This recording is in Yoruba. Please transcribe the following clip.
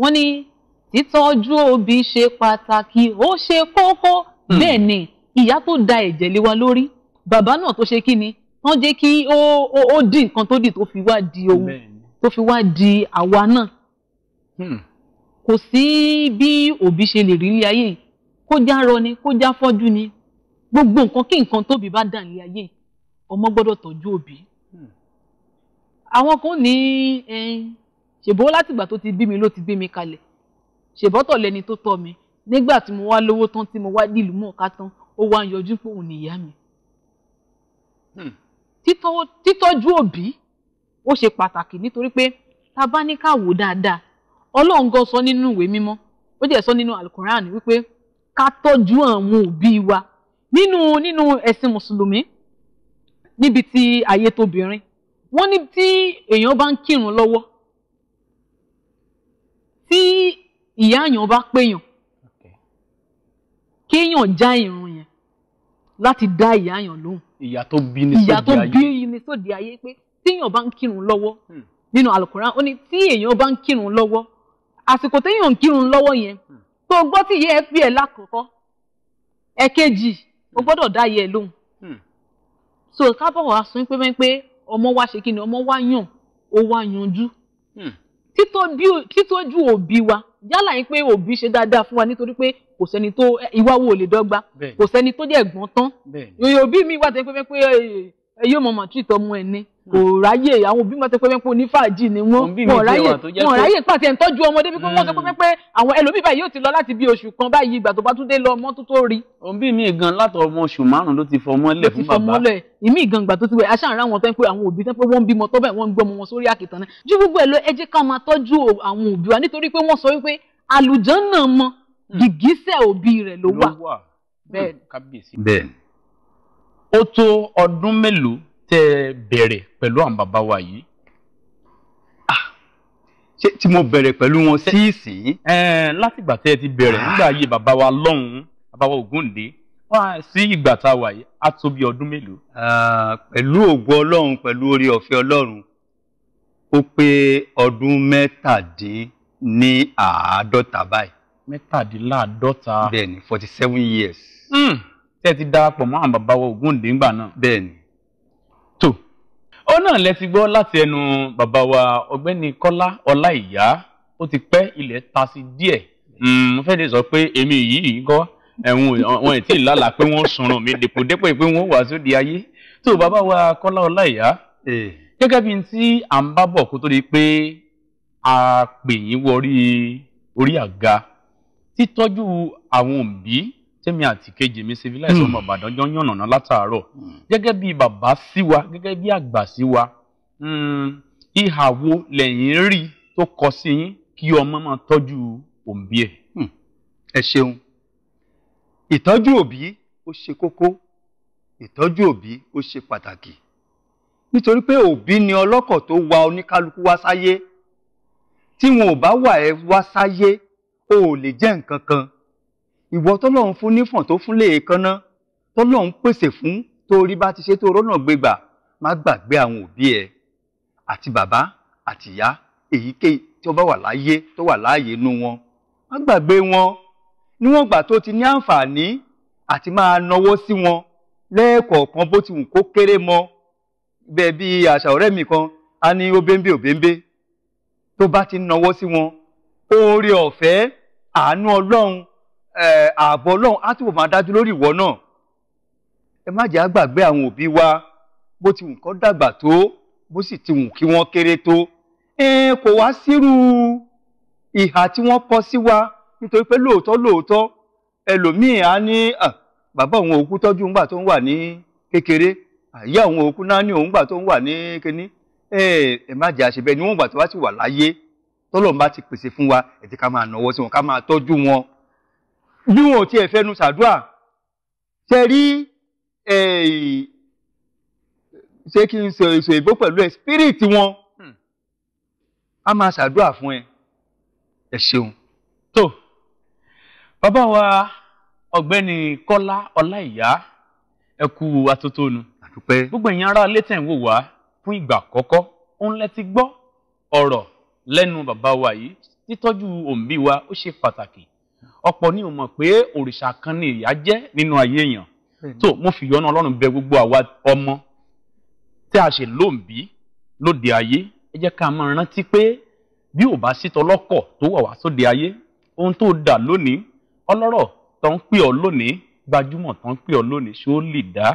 wọ́n ní títọ́jú òbí ṣe pàtàkì ó ṣe kókó hmm. bẹ́ẹ̀ ni ìyá tó da ẹ̀jẹ̀ lé wa lórí bàbá náà tó ṣe kí ni wọ́n jẹ́ kí ó ó di nǹkan tó di tó fi wá di ohun tó fi wá di àwa náà hmm. kò sí bí òbí ṣe lè rí ilé ayé kó já rọ ni kó já fọ́jú ni gbogbo nǹkan kí nǹkan tóbi bá dà nílé ayé ọmọ gbọ́dọ̀ tọ́jú òbí hmm. àwọn kan ní ṣèbọn látìgbà tó ti bí mi ló ti gbé mi kalẹ̀ ṣèbọ́tọ̀ lẹni tó tọ́ mi nígbà tí mo wá lówó tán tí mo wá dìlú mọ̀ ká tán ó wá ń yọjú pé òun nìyá mi. Hmm. títọ́jú òbí ó ṣe pàtàkì nítorí pé tá a bá ní ká wò dáadáa ọlọ́run gan sọ nínú ìwé mímọ́ ó jẹ́ sọ nínú alukoran wípé ká tọ́jú àwọn òbí wa nínú nínú ẹ̀sìn mùsùlùmí níbi tí ayé tóbìnrin wọ́n ní tí èèyàn bá ń kírun lọ́wọ́ ìyá àyàn bá péyàn kéèyàn já irun yẹn láti dá ìyá àyàn lóhùn ìyá tó bí ni sóde ayé ìyá tó bí ni sóde ayé pé téèyàn bá ń kírun lọ́wọ́ hmm. nínú àlùkùrán ó ní tí èèyàn bá ń kírun lọ́wọ́ àsìkò téèyàn ń kírun lọ́wọ́ yẹn hmm. tó gbọ́ tí ìyá ẹ pè ẹ́ lákòókò ẹ̀kejì o hmm. gbọ́dọ̀ dá ìyá ẹ lóhùn so kábọ̀ wá sún pé mẹ́ pé ọmọ wa ṣe kí ni ọmọ wa yàn ó wá yanjú títójú òbí wa yálà yín pé òbí ṣe dáadáa fún wa nítorí pé kò sẹ́ni tó ìwà wo lè dọ́gba kò sẹ́ni tó jẹ́ ẹ̀gbọ́n tán yòyò òbí mi wà tẹ́ pé pé yóò mọ̀ mọ̀ tí ìtọ́mú ní kò ráyè àwọn òbí máa ti pé pé onífàájì ni wọn wọn ráyè wọn ráyè pàtẹ ntọ́jú ọmọ débi pé wọ́n sọ pé hmm. pé àwọn ẹlòmíì báyìí yóò ti lọ láti bí oṣù kan báyìí ìgbà tó bá tún dé lọ ọmọ tó tó rí. òbí mi gan látọ̀ ọmọ oṣù márùn-ún ló ti fọmọ lẹ̀ fún bàbá. ló ti fọmọ lẹ̀ ìmí gan gbà tó ti wẹ̀ aṣáà ń rá wọn tán pé àwọn òbí tán pé wọ́n ń bímọ tó bẹ́ẹ̀ wọ́n ń gbọ́mọ wọn sórí àkìtàn náà ju gbogbo ẹ̀ lọ ẹ jẹ́ ká máa tọ́jú àwọn òbí wa nítorí pé wọ́n sọ wípé àlùjànnà mọ hmm. gìgísẹ̀ òbí rẹ̀ ló wà. bẹ́ẹ̀ ó tó ọdún mélòó tẹ́ ẹ bẹ̀rẹ̀ pẹ̀lú àwọn bàbá wa yìí ah, ṣé tí mo bẹ̀rẹ̀ pẹ̀lú wọn sí ìsìn. látìgbà tẹ́ ẹ ti bẹ̀rẹ̀ nígbà ayé bàbá wa lọ́hùn-ún bàbá wa Ògúndé wá sí ìgbà tá a wà yìí á tó bí ọdún mélòó. pẹ̀lú ògo ọlọ́run pẹ̀lú orí ọ̀fẹ́ ọlọ́run ó pé ọdún mẹ́tàdín báyìí. mẹ́tàdínláàádọ́ta. bẹ́ẹ̀ni forty seven years. Hmm, tẹ́ ẹ ti darapọ̀ mọ́ àwọn bàbá wa Ògúndé ńgbà náà. bẹ́ẹ̀ni ó náà lẹ ti gbọ́ láti ẹnu bàbá wa ọ̀gbẹ́ni Kọ́lá Ọláìyá ó ti pẹ́ ilẹ̀ ta sí díẹ̀ hmm, mo fẹ́ lè sọ pé èmi yìí kọ́ ẹ̀hún wọn ẹ̀ tí ì lálàá pé wọ́n sunrun mi dèpò dépò pé wọ́n wà sóde ayé tó bàbá wa Kọ́lá Ọláìyá eh. gẹ́gẹ́ bí n tí à ń bá bọ̀ kó tó di pé a pè yín wọrí orí àga títọ́jú àwọn òbí tẹ́mi àti kejì mi civilize ọmọ hmm. Ìbàdàn jọ ń yànnàná látàárọ̀ hmm. gẹ́gẹ́ bí bàbá sí wa gẹ́gẹ́ bí àgbà sí wa hmm, ìhà wo lẹ́yìn rí tó kọ sí yín kí ọmọ máa tọ́jú òǹbí ẹ̀. ẹ ṣeun ìtọ́jú òbí ó ṣe kókó ìtọ́jú òbí ó ṣe pàtàkì nítorí pé òbí ni ọlọ́kọ̀ tó wa oníkálukú wá sáyé tí wọn ò bá wà ẹ́ wá sáyé o ò lè jẹ́ nǹkan kan ìwọ tọ́lọ́run fún nífọ̀n tó fún léèkánná tọ́lọ́run pèsè fún torí bá ti ṣe tó rọ́nà gbégbà má gbàgbé àwọn òbí ẹ àti bàbá àti ìyá èyíkéyìí tí ó bá wà láyé tó wà láàyè inú wọn má gbàgbé wọn níwọ̀n gbà tó ti ní àǹfààní àti máa nawọ́ sí wọn lẹ́ẹ̀kọ̀ọ̀kan bó ti wù kó kéré mọ́ bẹ́ẹ̀ bí àṣà ọ̀rẹ́ mi kan a ní obéńbé obéńbé tó bá ti nawọ́ sí wọn oore ọ̀fẹ́ àánú ọlọ́run ààbọ̀ ọlọ́run á túbọ̀ máa dájú lórí ìwọ náà ẹ má jẹ́ àgbàgbé àwọn òbí wa bó ti wù kó dàgbà tó bó sì ti wù kí wọ́n kéré tó kò wá sírú ìhà tí wọ́n kọ sí wa nítorí pé lóòótọ́ lóòótọ́ ẹlòmíì á ní bàbá òun òkú tọ́jú ńgbà tó ń wà ní kékeré àyà òun òkú náà ní òun gbà tó ń wà ní kíní ẹ má jẹ́ àṣebẹ́ ni wọ́n gbà tó wá sì wà láyé tọ́lọ́run bá ti pèsè fún wa ẹ bí wọn ò tiẹ̀ fẹnu ṣàdúrà ṣe rí ṣé kí n sọ èso ìbò pẹ̀lú ẹ spirit wọn hmm. a máa ṣàdúrà fún ẹ ẹ ṣeun. tó bàbá wa ọ̀gbẹ́ni Kọ́lá Ọláìyá ẹ kú atótónu gbogbo ẹ̀yin ará ilé tẹ̀ ń wò wá fún ìgbà àkọ́kọ́ òun lẹ ti gbọ́ ọ̀rọ̀ lẹ́nu bàbá wa yìí títọ́jú òǹbí wa ó ṣe pàtàkì ọ̀pọ̀ ni ò mọ̀ pé òrìṣà kan ni ìyá jẹ́ nínú ayé èèyàn tó mo fi yọ́nú ọlọ́run bẹ gbogbo àwa ọmọ tí a ṣe lóǹbí lóde ayé ẹ jẹ́ ká máa rántí pé bí ò bá sí tọlọ́kọ̀ tó wà wá sóde ayé ohun tó dà lónìí ọlọ́rọ̀ tó ń pè ọ́ lónìí gbajúmọ̀ tó ń pè ọ́ lónìí ṣó lè dá